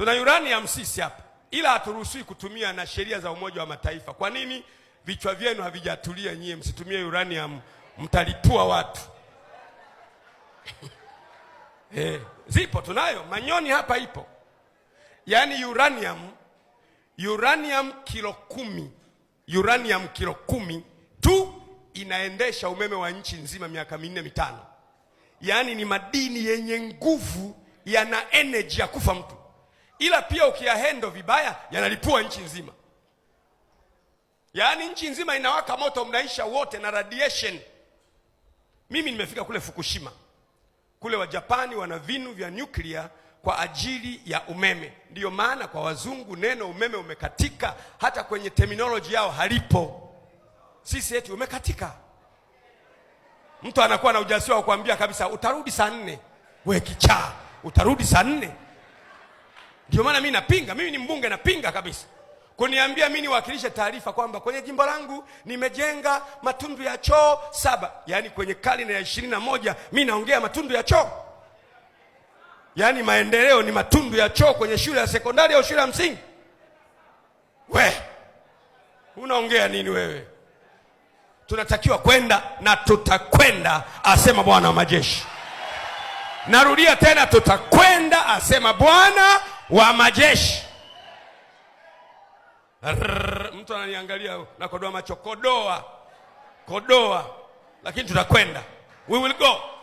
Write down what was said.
Tuna uranium sisi hapa, ila haturuhusiwi kutumia na sheria za Umoja wa Mataifa. Kwa nini? Vichwa vyenu havijatulia nyie, msitumie uranium, mtalipua watu eh, zipo tunayo, Manyoni hapa ipo. Yaani uranium uranium kilo kumi uranium kilo kumi tu inaendesha umeme wa nchi nzima miaka minne mitano. Yaani ni madini yenye nguvu, yana energy ya kufa mtu ila pia ukiyahendo vibaya yanalipua nchi nzima, yaani nchi nzima inawaka moto, mnaisha wote na radiation. Mimi nimefika kule Fukushima kule, wa Japani wana vinu vya nyuklia kwa ajili ya umeme. Ndiyo maana kwa wazungu neno umeme umekatika hata kwenye terminology yao halipo. Sisi eti umekatika, mtu anakuwa na ujasiri wa kuambia kabisa utarudi saa nne, wekichaa kichaa, utarudi saa nne. Ndio maana mimi napinga, mimi ni mbunge napinga kabisa kuniambia mimi niwakilishe taarifa kwamba kwenye jimbo langu nimejenga matundu ya choo saba. Yaani kwenye karne ya ishirini na moja mimi naongea matundu ya choo, yaani maendeleo ni matundu ya choo kwenye shule ya sekondari au shule ya msingi. We unaongea nini wewe? Tunatakiwa kwenda na tutakwenda, asema Bwana wa majeshi. Narudia tena, tutakwenda, asema Bwana wa majeshi. mtu ananiangalia na kodoa macho, kodoa kodoa, lakini tutakwenda, we will go.